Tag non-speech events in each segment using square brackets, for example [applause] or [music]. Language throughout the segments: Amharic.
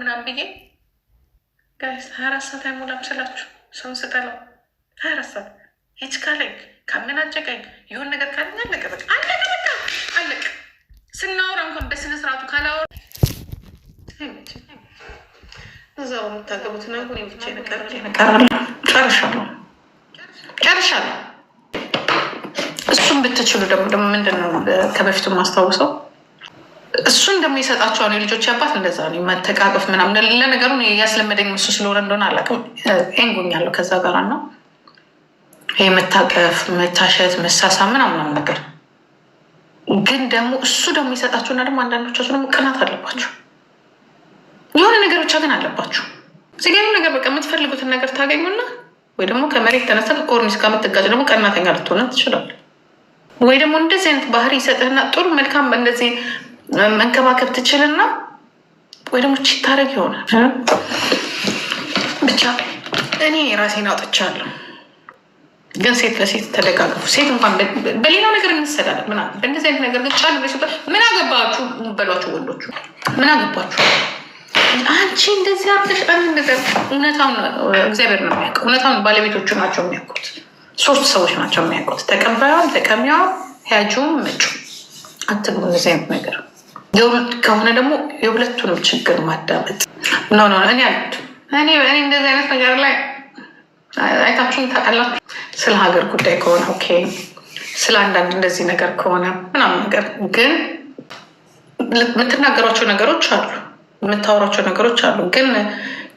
ምናምን ብዬ ጋይስ ሀያ አራት ሰዓት አይሞላም ስላችሁ ሰውን ስጠለው ሀያ አራት ሰዓት ሄች ካለኝ ካመናጨቀኝ የሆን ነገር ካለኝ አለቀ፣ በቃ አለቀ፣ በቃ አለቀ። ስናወራ እንኳን በስነ ስርዓቱ ካላወራ እዛው የምታገቡት ነው። እኔ ብቻ ነቀራለ ጨርሻለሁ፣ ጨርሻለሁ። እሱም ብትችሉ ደግሞ ደግሞ ምንድን ነው ከበፊቱ ማስታውሰው እሱን ደግሞ ነው የልጆች አባት እንደዛ ነው መተቃቀፍ ምናምን። ለነገሩ ያስለመደኝ እሱ ስለሆነ እንደሆነ አላውቅም። ንጎኛለሁ ከዛ ጋር ነው ይሄ መታቀፍ፣ መታሸት፣ መሳሳ ምናምናም ነገር ግን ደግሞ እሱ ደግሞ ይሰጣቸው እና ደግሞ አንዳንዶቻችሁ ደግሞ ቅናት አለባቸው የሆነ ነገር ብቻ ግን አለባቸው ዜጋ ነገር በቃ የምትፈልጉትን ነገር ታገኙና ወይ ደግሞ ከመሬት ተነሳ ከኮርኒስ ጋር የምትጋጭ ደግሞ ቀናተኛ ልትሆነ ትችላል። ወይ ደግሞ እንደዚህ አይነት ባህሪ ይሰጥህና ጥሩ መልካም እንደዚህ መንከባከብ ትችልና ወይ ደግሞ ቺ ታደረግ ይሆናል። ብቻ እኔ ራሴን አውጥቻለሁ። ግን ሴት ለሴት ተደጋግፉ። ሴት እንኳን በሌላው ነገር እንሰዳለን ምናምን፣ በእንደዚህ አይነት ነገር ግን ጫል ምን አገባችሁ በሏቸው። ወንዶቹ ምን አገባችሁ አንቺ እንደዚህ አርተሽ አንድ ነገር እውነታውን እግዚአብሔር ነው የሚያውቀው። እውነታውን ባለቤቶቹ ናቸው የሚያውቁት። ሶስት ሰዎች ናቸው የሚያውቁት፣ ተቀባዩም፣ ተቀሚያም፣ ያጁም መጩ። አትግቡ እንደዚህ አይነት ነገር ከሆነ ደግሞ የሁለቱንም ችግር ማዳመጥ ኖ ኖ እኔ አሉ እኔ እኔ እንደዚህ አይነት ነገር ላይ አይታችሁኝ ታውቃላችሁ። ስለ ሀገር ጉዳይ ከሆነ ኦኬ፣ ስለ አንዳንድ እንደዚህ ነገር ከሆነ ምናምን ነገር ግን የምትናገሯቸው ነገሮች አሉ፣ የምታወሯቸው ነገሮች አሉ። ግን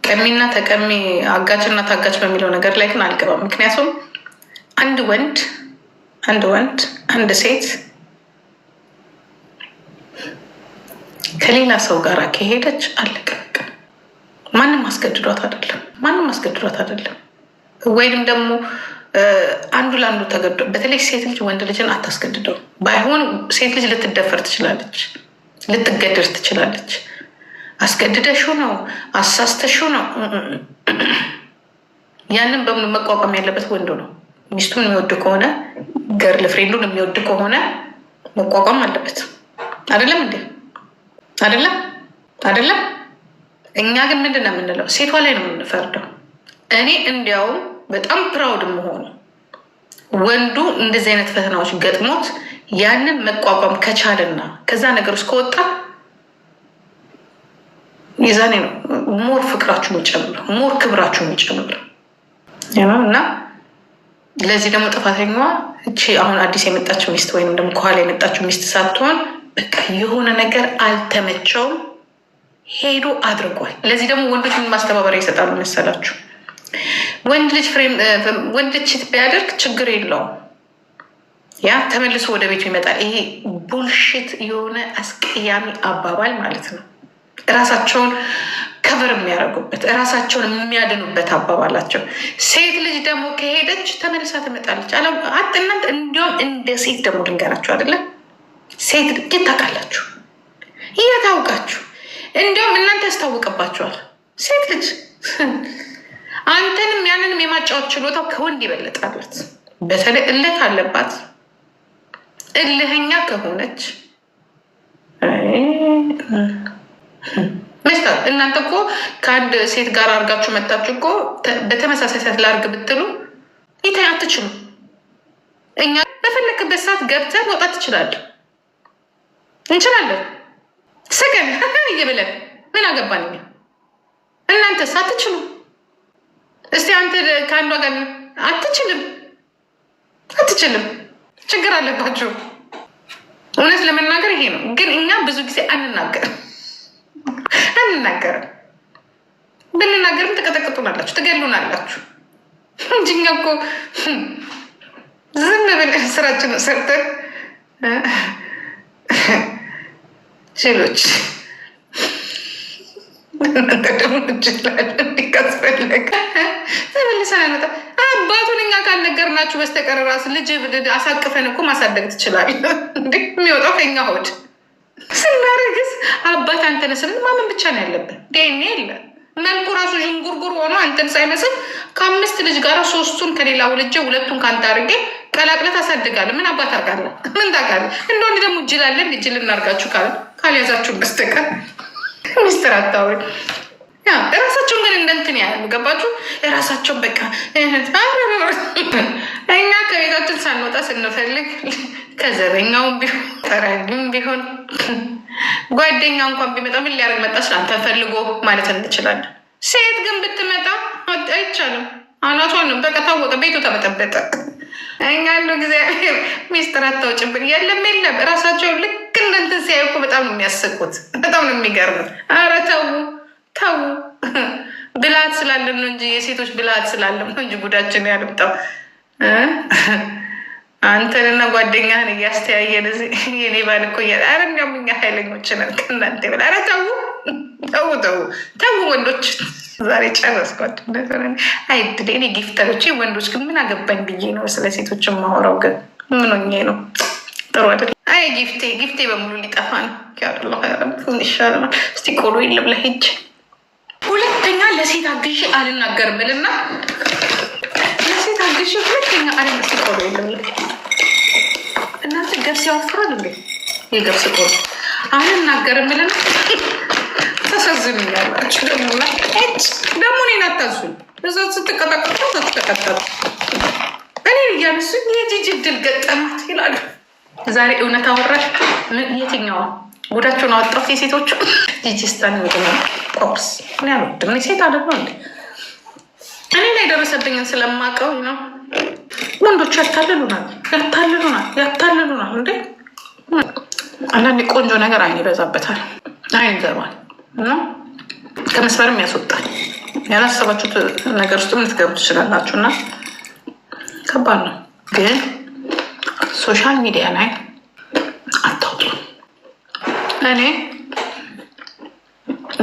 ቀሚና ተቀሚ አጋችና ታጋች በሚለው ነገር ላይ ግን አልገባም። ምክንያቱም አንድ ወንድ አንድ ወንድ አንድ ሴት ከሌላ ሰው ጋር ከሄደች አለቀቀ። ማንም አስገድዷት አይደለም፣ ማንም አስገድዷት አይደለም። ወይም ደግሞ አንዱ ለአንዱ ተገዶ፣ በተለይ ሴት ልጅ ወንድ ልጅን አታስገድደው። ባይሆን ሴት ልጅ ልትደፈር ትችላለች፣ ልትገደር ትችላለች። አስገድደሽው ነው አሳስተሽው ነው። ያንን በምን መቋቋም ያለበት ወንዱ ነው። ሚስቱን የሚወድ ከሆነ ገርል ፍሬንዱን የሚወድ ከሆነ መቋቋም አለበት። አይደለም እንዴ? አይደለም አይደለም። እኛ ግን ምንድን ነው የምንለው? ሴቷ ላይ ነው የምንፈርደው። እኔ እንዲያውም በጣም ፕራውድ መሆኑ ወንዱ እንደዚህ አይነት ፈተናዎች ገጥሞት ያንን መቋቋም ከቻልና ከዛ ነገር ውስጥ ከወጣ የዛኔ ነው ሞር ፍቅራችሁ የሚጨምር ሞር ክብራችሁ የሚጨምር እና ለዚህ ደግሞ ጥፋተኛዋ እቺ አሁን አዲስ የመጣችው ሚስት ወይም ደግሞ ከኋላ የመጣችው ሚስት ሳትሆን በቃ የሆነ ነገር አልተመቸውም፣ ሄዶ አድርጓል። ለዚህ ደግሞ ወንዶች ምን ማስተባበሪያ ይሰጣሉ መሰላችሁ? ወንድ ልጅ ወንድ ልጅ ቢያደርግ ችግር የለውም ያ ተመልሶ ወደ ቤቱ ይመጣል። ይሄ ቡልሽት የሆነ አስቀያሚ አባባል ማለት ነው። እራሳቸውን ከበር የሚያደርጉበት እራሳቸውን የሚያድኑበት አባባላቸው። ሴት ልጅ ደግሞ ከሄደች ተመልሳ ትመጣለች። እናንተ እንዲሁም እንደ ሴት ደግሞ ድንገራቸው አይደለም ሴት ግን ታውቃላችሁ፣ እያታውቃችሁ እንዲሁም እናንተ ያስታውቅባችኋል። ሴት ልጅ [laughs] አንተንም ያንንም የማጫወት ችሎታው ከወንድ ይበለጣለት። በተለይ እልህ አለባት፣ እልህኛ ከሆነች መስታት እናንተ እኮ ከአንድ ሴት ጋር አድርጋችሁ መጣችሁ እኮ በተመሳሳይ ሰት ላርግ ብትሉ ይታይ አትችሉ። እኛ በፈለክበት ሰዓት ገብተህ መውጣት ትችላለህ። እንችላለን። ስቀን [laughs] እየበለን ምን አገባን እኛ። እናንተስ አትችሉም። እስቲ አንተ ከአንዷ ጋር አትችልም፣ አትችልም። ችግር አለባቸው። እውነት ለመናገር ይሄ ነው። ግን እኛ ብዙ ጊዜ አንናገርም፣ [laughs] አንናገርም። ብንናገርም ትቀጠቅጡናላችሁ፣ ትገሉናላችሁ [laughs] እንጂ እኛ እኮ ዝም ብለን ስራችን ሰርተን ሴሎች አባቱን እኛ ካልነገርናችሁ በስተቀር ራስ ልጅ አሳቅፈን እኮ ማሳደግ ትችላለህ። የሚወጣው ከኛ ሆድ ስናረግስ አባት አንተን ስንል ማመን ብቻ ነው ያለብን። ዴኔ የለ መልኩ ራሱ ዥንጉርጉር ሆኖ አንተን ሳይመስል ከአምስት ልጅ ጋር ሶስቱን ከሌላ ውልጄ ሁለቱን ከአንተ አድርጌ ቀላቅለት አሳድጋለሁ። ምን አባት አርጋለ ምን ታውቃለህ? እንደወንድ ደግሞ እጅላለን እጅል እናርጋችሁ ካለ ካልያዛችሁ በስተቀር ሚስጥር አታወሪ። እራሳቸውን ግን እንደንትን ያሉ ገባችሁ? እራሳቸውን በቃ [laughs] እኛ ከቤታችን ሳንወጣ ስንፈልግ ከዘበኛውም ቢሆን ጠራጊም ቢሆን [laughs] ጓደኛ እንኳን ቢመጣ ምን ሊያደርግ መጣ? ስላንተ ፈልጎ ማለት እንችላለን። ሴት ግን ብትመጣ አይቻልም። አናቷን በቃ ታወቀ፣ ቤቱ ተበጠበጠ። እኛ ያለው እግዚአብሔር ሚስጥር አታውጭብን። የለም የለም፣ እራሳቸው ልክ እንደንትን ሲያዩ እኮ በጣም ነው የሚያስቁት። በጣም ነው የሚገርም። አረ ተው ተው፣ ብልሃት ስላለን ነው እንጂ የሴቶች ብልሃት ስላለን ነው እንጂ ጉዳችን ያልምጠው አንተንና ጓደኛህን እያስተያየን የኔ ባል እኮ ኧረ እንዲያውም እኛ ኃይለኞች ነን ከእናንተ ይበል። ኧረ ተው ተው ተው ተው ወንዶች ዛሬ ጨረስኩ። አይ እድሌ እኔ ጊፍተሮች ወንዶች ግን ምን አገባኝ ብዬ ነው ስለ ሴቶች የማወራው። ግን ምን ነው? ጥሩ አይደል? አይ ጊፍቴ ጊፍቴ በሙሉ ሊጠፋ ነው። ይሻለናል። እስቲ ቆሎ የለም ለሄጅ ሁለተኛ ለሴት አግዢ አልናገርምልና ስድስት ሺህ ሁለተኛ ዓለም ውስጥ ቆሎ የለም። እናንተ ገብስ ያወፍራል እንዴ? የገብስ ቆሎ አልናገርም ብለን ተሰዝኑኛላችሁ። ደግሞ ደግሞ እኔን አታዙን እዛ ስትቀጣቀጡ ስትቀጣቀጡ እኔ እያነሱ የጂጂ ድል ገጠማት ይላሉ። ዛሬ እውነት አወራሽ። የትኛዋ ጉዳቸውን አወጣት የሴቶቹ ጂጂ ስታን ምግና ቆርስ ያ ሴት አደግነው እንዴ እኔ ላይ ደረሰብኝን ስለማውቀው ነው። ወንዶች ያታልሉናል፣ ያታልሉናል፣ ያታልሉናል። እንዴ አንዳንድ ቆንጆ ነገር አይን ይበዛበታል፣ አይን ይገባል፣ ከመስመርም ያስወጣል። ያላሰባችሁት ነገር ውስጥ ልትገቡ ትችላላችሁ። እና ከባድ ነው ግን ሶሻል ሚዲያ ላይ አታውጡ። እኔ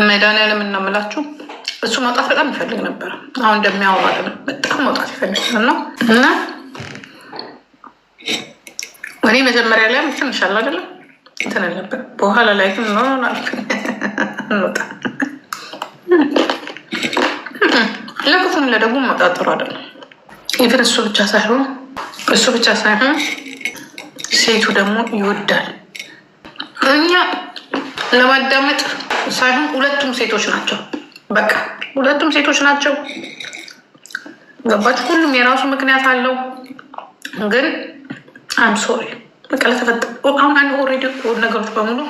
መድኃኒዓለም እናምላችሁ እሱ መውጣት በጣም ይፈልግ ነበር። አሁን እንደሚያወራ በጣም መውጣት ይፈልግ ነው እና እኔ መጀመሪያ ላይ ትንሽ ይሻል አይደለም እንትን በኋላ ላይ ግን እንወጣ ለክፉም ለደግሞ መውጣት ጥሩ አይደለም። ኢቨን እሱ ብቻ ሳይሆን እሱ ብቻ ሳይሆን ሴቱ ደግሞ ይወዳል። እኛ ለማዳመጥ ሳይሆን ሁለቱም ሴቶች ናቸው በቃ ሁለቱም ሴቶች ናቸው። ገባች። ሁሉም የራሱ ምክንያት አለው። ግን አም ሶሪ በቃ ለተፈጠ አሁን አንድ ኦልሬዲ ነገሮች በሙሉ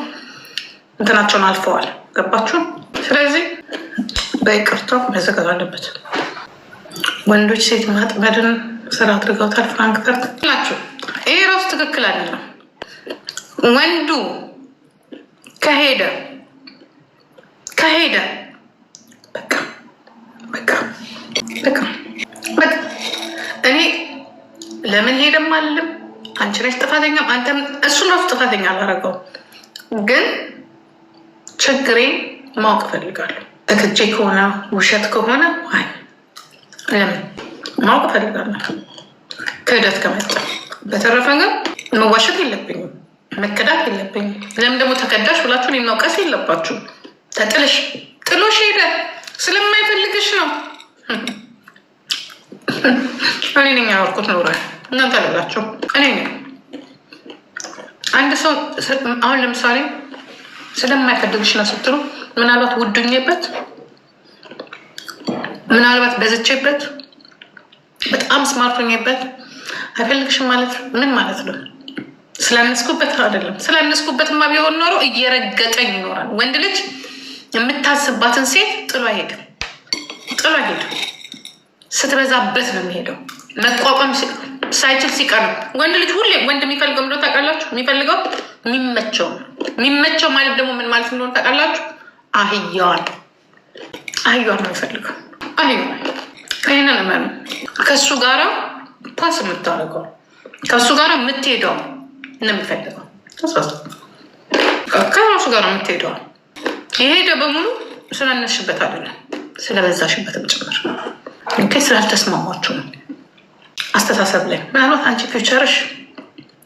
እንትናቸውን አልፈዋል። ገባችሁ። ስለዚህ በይቅርታ መዘጋት አለበት። ወንዶች ሴት ማጥመድን ስራ አድርገውታል። ፍራንክፈርት ላችሁ ይሄ ራሱ ትክክል አይደለም። ወንዱ ከሄደ ከሄደ እኔ ለምን ሄደም አለም አንቺ ነሽ ጥፋተኛም አንተም እሱን ነው ጥፋተኛ አላረገው፣ ግን ችግሬ ማወቅ ፈልጋለሁ እክቼ ከሆነ ውሸት ከሆነ ይ ለምን ማወቅ እፈልጋለሁ ክህደት ከመጣ። በተረፈ ግን መዋሸት የለብኝም መከዳት የለብኝም። ለምን ደግሞ ተከዳሽ ብላችሁን የማውቀስ የለባችሁ። ተጥልሽ ጥሎሽ ሄደ ስለማይፈልግሽ ነው። እኔ ነኝ ያወርኩት ኖረ እናንተ አለላቸው። እኔ ነኝ አንድ ሰው አሁን ለምሳሌ ስለማይፈልግሽ ነው ስትሉ ምናልባት ውዱኝበት ምናልባት በዝቼበት በጣም ስማርቶኝበት አይፈልግሽም ማለት ምን ማለት ነው? ስላነስኩበት አይደለም። ስላነስኩበትማ ቢሆን ኖሮ እየረገጠኝ ይኖራል። ወንድ ልጅ የምታስባትን ሴት ጥሎ አይሄድም። ጥሎ ሄዱ። ስትበዛበት ነው የሚሄደው። መቋቋም ሳይችል ሲቀር ነው። ወንድ ልጅ ሁሌ ወንድ የሚፈልገው ምንድን ታውቃላችሁ? የሚፈልገው የሚመቸው ነው። የሚመቸው ማለት ደግሞ ምን ማለት እንደሆነ ታውቃላችሁ? አህያዋን አህያዋን ነው የሚፈልገው። አህያዋን ይህንን መኑ ከእሱ ጋራ ፓስ የምታደርገው ከእሱ ጋር የምትሄደው ነው የሚፈልገው። ከራሱ ጋር የምትሄደው የሄደ በሙሉ ስላነሽበት አይደለም። ስለበዛሽበትም ጭምር ስላልተስማማችሁ አስተሳሰብ ላይ ምናልባት አንቺ ፊውቸርሽ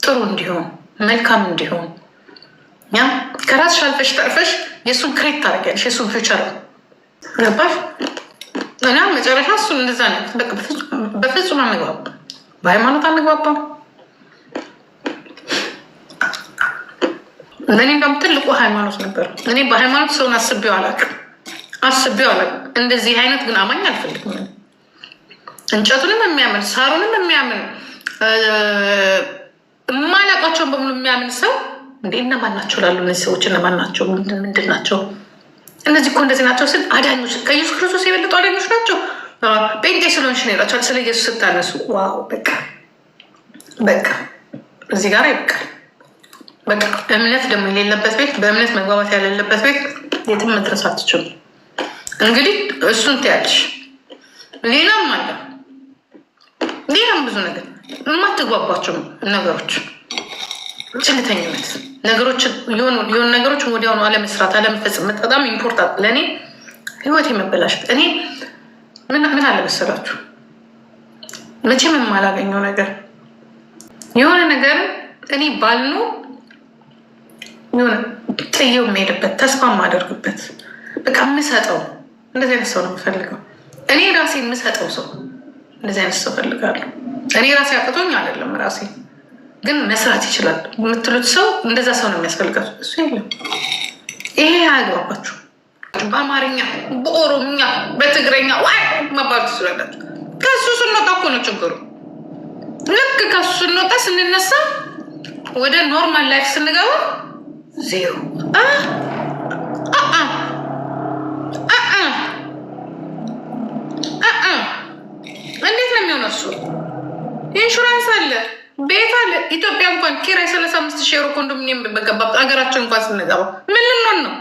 ጥሩ እንዲሆን መልካም እንዲሆን ያም ከራስሽ አልፈሽ ጠርፈሽ የእሱን ክሬት ታደርጊያለሽ። የእሱን ፊውቸር ነው ገባሽ? እና መጨረሻ እሱን እንደዛ ነው። በፍጹም አንግባባም በሃይማኖት አንግባባ። ለእኔ እንደውም ትልቁ ሃይማኖት ነበር። እኔ በሃይማኖት ሰውን አስቤው አላውቅም። አስቤው አለ። እንደዚህ አይነት ግን አማኝ አልፈልግም። እንጨቱንም የሚያምን ሳሩንም የሚያምን የማላውቃቸውን በሙሉ የሚያምን ሰው እንዴ እነማን ናቸው ላሉ እነዚህ ሰዎች እነማን ናቸው? ምንድን ናቸው? እነዚህ እኮ እንደዚህ ናቸው ስል አዳኞች ከኢየሱስ ክርስቶስ የበለጡ አዳኞች ናቸው። ጴንጤ ስለሆንሽ ነው ይላቸዋል። ስለ ኢየሱስ ስታነሱ ዋው በቃ በቃ እዚህ ጋር ይበቃል። በቃ እምነት ደግሞ የሌለበት ቤት፣ በእምነት መግባባት ያሌለበት ቤት የትም መድረስ አትችሉም። እንግዲህ እሱን ትያለሽ። ሌላም አለ፣ ሌላም ብዙ ነገር የማትግባባቸው ነገሮች፣ ችልተኝነት፣ ነገሮችን የሆኑ ነገሮችን ወዲያውኑ አለመስራት፣ አለመፈጸም በጣም ኢምፖርታንት ለእኔ ህይወት የመበላሸት እኔ ምን አለመሰላችሁ መቼም የማላገኘው ነገር የሆነ ነገር እኔ ባልኑ የሆነ ጥየው የሚሄድበት ተስፋ የማደርግበት በቃ የምሰጠው እንደዚህ አይነት ሰው ነው የምፈልገው። እኔ ራሴ የምሰጠው ሰው እንደዚህ አይነት ሰው ፈልጋለሁ። እኔ ራሴ አቅቶኝ አይደለም፣ ራሴ ግን መስራት ይችላል የምትሉት ሰው እንደዛ ሰው ነው የሚያስፈልጋቸው። እሱ የለም። ይሄ አያግባባችሁ። በአማርኛ በኦሮምኛ በትግረኛ ዋይ መባል ትችላላችሁ። ከሱ ስንወጣ እኮ ነው ችግሩ። ልክ ከሱ ስንወጣ ስንነሳ ወደ ኖርማል ላይፍ ስንገባ ዜሮ እንዴት ነው የሚሆነው? እሱ ኢንሹራንስ አለ፣ ቤት አለ። ኢትዮጵያ እንኳን ኪራይ ሰላሳ አምስት ሺህ ሮ ኮንዶሚኒየም በገባ ሀገራችን እንኳን ስንገባ ምን ልንሆን ነው?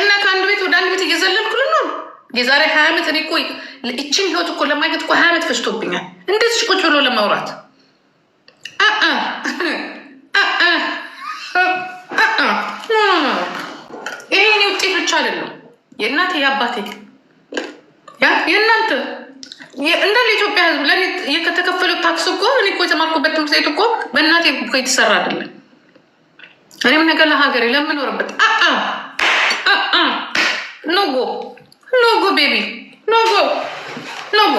እና ከአንድ ቤት ወደ አንድ ቤት እየዘለልኩ ልንሆን የዛሬ ሀያ ዓመት እኔ እኮ ይችን ህይወት እኮ ለማግኘት እኮ ሀያ ዓመት ፈጅቶብኛል። እንደዚህ ቁጭ ብሎ ለማውራት ይሄ እኔ ውጤት ብቻ አይደለም የእናቴ የአባቴ የእናንተ እንዳለ ኢትዮጵያ ህዝብ ለእኔ የተከፈለው ታክስ እኮ እኔ እኮ የተማርኩበት ትምህርት ቤት እኮ በእናቴ እኮ የተሰራ አይደለም። እኔም ነገር ለሀገሬ ለምኖርበት ኖጎ ኖጎ ቤቢ ኖጎ ኖጎ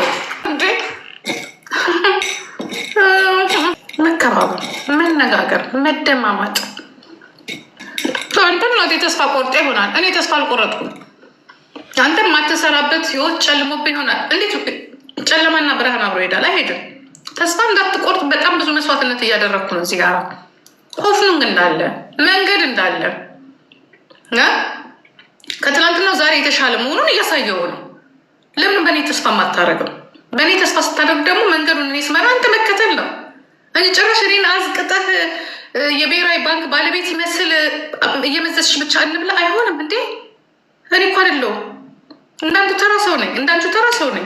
መከባበር፣ መነጋገር፣ መደማማጥ እንትን ነው። ተስፋ ቆርጬ ይሆናል። እኔ ተስፋ አልቆረጥኩም። አንተ የማትሰራበት ህይወት ጨልሞብህ ይሆናል። እንዴት ጨለማና ብርሃን አብሮ ይሄዳል? አይሄድም። ተስፋ እንዳትቆርጥ በጣም ብዙ መስዋዕትነት እያደረግኩ ነው። እዚህ ጋር ሆፍኑንግ እንዳለ መንገድ እንዳለ ከትናንትናው ዛሬ የተሻለ መሆኑን እያሳየው ነው። ለምን በእኔ ተስፋ የማታደርገው? በእኔ ተስፋ ስታደርግ ደግሞ መንገዱን እኔ ስመራ አንተ መከተል ነው። እኔ ጭራሽ እኔን አዝቅጠህ የብሔራዊ ባንክ ባለቤት ይመስል እየመዘስሽ ብቻ እንብላ አይሆንም እንዴ እኔ እኮ አይደለሁም እንዳንዱ ተራ ሰው ነኝ፣ እንዳንቹ ተራ ሰው ነኝ።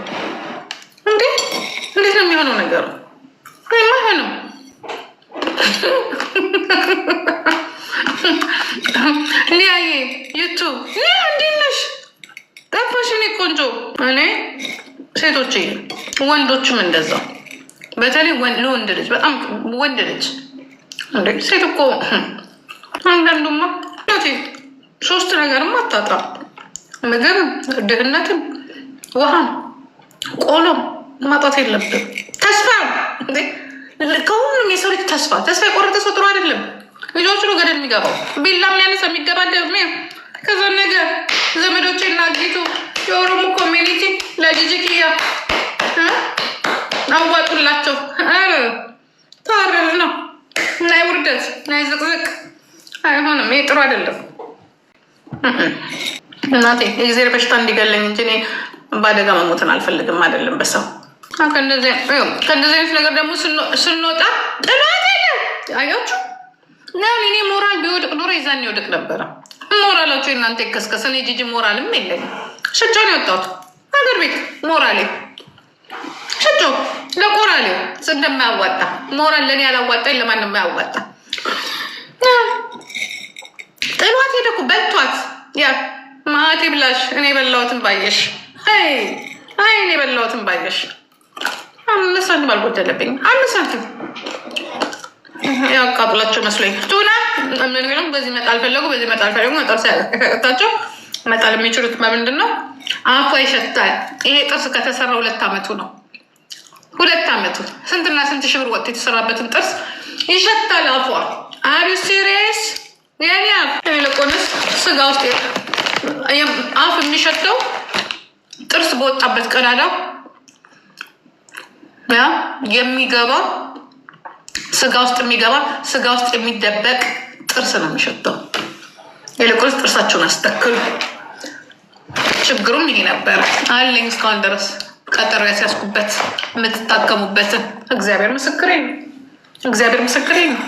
እንዴ እንዴት ነው የሚሆነው ነገሩ? አይሆንም። ሊያዬ ዩቱብ እንዴት ነሽ? ጠፋሽ? እኔ ቆንጆ እኔ ሴቶች ወንዶችም እንደዛው በተለይ ለወንድ ልጅ በጣም ወንድ ልጅ እንዴ ሴት እኮ አንዳንዱማ ሶስት ነገርም አታጣም ምግብ፣ ድህነትም፣ ውሃም፣ ቆሎም ማጣት የለብም። ተስፋ ከሁሉም የሰው ልጅ ተስፋ ተስፋ የቆረጠ ሰው ጥሩ አይደለም። ልጆቹ ነው ገደል የሚገባው ቢላም ሊያነሳ የሚገባ ደሜ ከዛ ነገ ዘመዶች እና ጌቱ የኦሮሞ ኮሚኒቲ ለጂጂ አዋጡላቸው። ታረር ነው ናይ ውርደት ናይ ዝቅዝቅ አይሆንም። ይህ ጥሩ አይደለም። እናቴ የእግዜር በሽታ እንዲገለኝ እንጂ እኔ በአደጋ መሞትን አልፈልግም። አይደለም በሰው ከእንደዚህ አይነት ነገር ደግሞ ስንወጣ ጥላት የለም። አያችሁ ያን እኔ ሞራል ቢወድቅ ኖሮ ይዛን ይወድቅ ነበረ። ሞራላችሁ እናንተ ይከስከስ። እኔ ጂጂ ሞራልም የለኝ። ሽጫን የወጣሁት ሀገር ቤት ሞራሌ ሸጮ ለቆራሌ እንደማያዋጣ ሞራል ለእኔ አላዋጣኝ፣ ለማን አያዋጣ። ጥሏት ሄደኩ በልቷት ያ ማቲ ብላሽ እኔ የበላሁትን ባየሽ። አይ እኔ የበላሁትን ባየሽ። አምስት ሳንቲም አልጎደለብኝም። አምስት ሳንቲም ያው መስሎኝ ቱና ምንም በዚህ መጣል ፈለጉ፣ በዚህ መጣል ፈለጉ። መጣል ሳያቸው መጣል የሚችሉት በምንድን ነው? አፏ ይሸታል። ይሄ ጥርስ ከተሰራ ሁለት አመቱ ነው። ሁለት አመቱ ስንትና ስንት ሺህ ብር ወጥቶ የተሰራበትን ጥርስ ይሸታል አፏ። አሪ ሲሪየስ የኔ ለቆነስ ስጋ ውስጥ አፍ የሚሸተው ጥርስ በወጣበት ቀዳዳ የሚገባ ስጋ ውስጥ የሚገባ ስጋ ውስጥ የሚደበቅ ጥርስ ነው የሚሸተው። ይልቁንስ ጥርሳቸውን አስተክሉ። ችግሩም ይሄ ነበረ አለኝ እስካሁን ድረስ ቀጠሮ ያስያዝኩበት የምትታከሙበትን። እግዚአብሔር ምስክሬ ነው። እግዚአብሔር ምስክሬ ነው።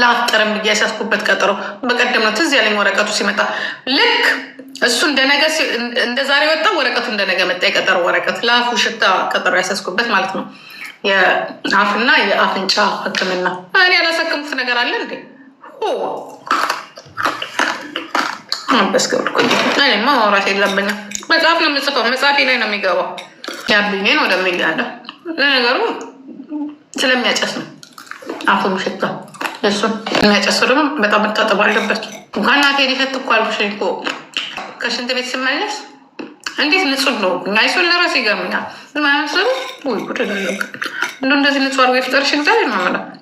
ለአፍጠርም ብዬ ያሳስኩበት ቀጠሮ በቀደም ነው ትዝ ያለኝ። ወረቀቱ ሲመጣ ልክ እሱ እንደነገ እንደ ዛሬ ወጣ፣ ወረቀቱ እንደነገ መጣ። የቀጠሮ ወረቀት ለአፉ ሽታ ቀጠሮ ያሳስኩበት ማለት ነው። የአፍና የአፍንጫ ሕክምና እኔ ያላሳከምኩት ነገር አለ እንዴ? በስገብርኩ እኔማ ማውራት የለብኝም። መጽሐፍ ነው የምጽፈው፣ መጽሐፌ ላይ ነው የሚገባው። ያብኝን ወደሚያለው ለነገሩ ስለሚያጨስ ነው አፉም ሽታ እሱ የሚያጨሱ ደግሞ በጣም መታጠብ አለበት። ከእናቴን የሸት እኮ አልኩሽኝ እኮ ከሽንት ቤት ስመለስ እንዴት ንጹህ ነው። እኛ ይሱን ለራሱ ይገምኛል። ማያሰሩ ወይ ጉድ እንደዚህ ንጹህ አድርጎ የፍጠርሽ እግዚአብሔር ነው የምለው